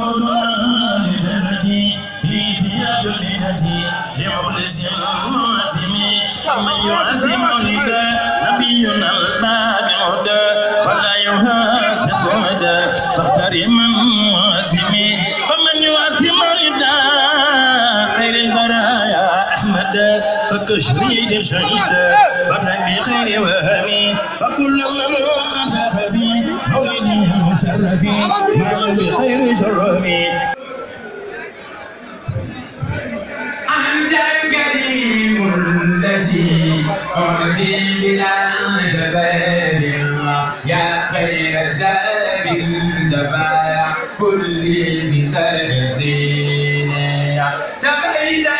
يقولون لدرجي في ثياب لدتي لمخلص معزم ومن يعزم لدى نبينا الباب هدى فلا يحاسب هدى فاختر من معزم ومن يعزم لدى خير البرايا أحمد فكشريد شهيد وتنبي خير وهمي فكل من الشرف ما بالخير شرفي أنت الكريم الذي أعطي بلا جبال يا خير زاد زبايا كل مثال زين سبيت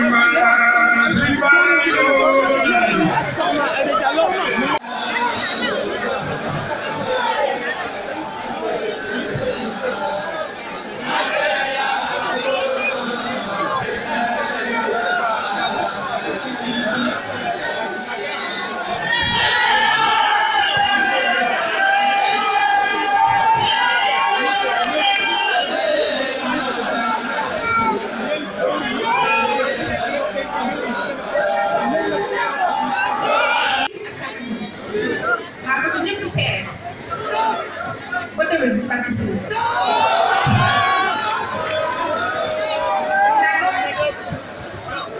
dem sëriñ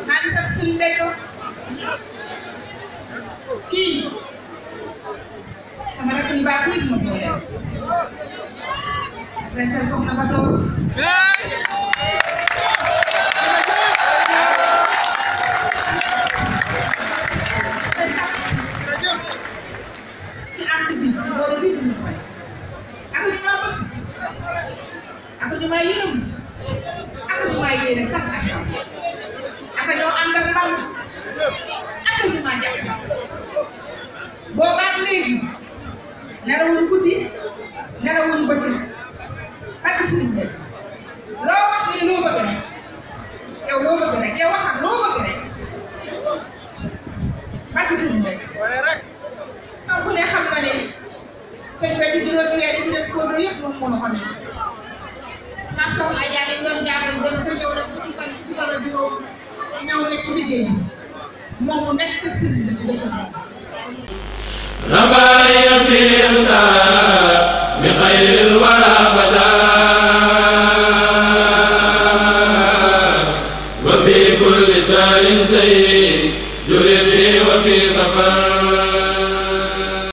maa ngi sant sëriñ Béthio kii sama rakk ñu baax nit ma boole. Resal soxna ba toog yéene sax ak xam aka ñoo ànd ak mbal aka ñu ma jàpp boobaat léegi nelawul guddi nelawul bëccëg ak suñu bëgg loo wax ni loo bëgg rek yow loo bëgg rek yow waxal loo bëgg rek ak suñu bëgg ah ku ne xam na ne sëñ bi ci juróomi weer yi ñu def produit yëpp moom moo ko nekk maam Soxna Adja dañ doon jaaroon dem ko ñëw na fukki fan fukki fan ak juróom ñëw na ci liggéey bi moom mu nekk kër sëriñ bi ci dëkk bi. ربايا في الدار بخير الورى بدار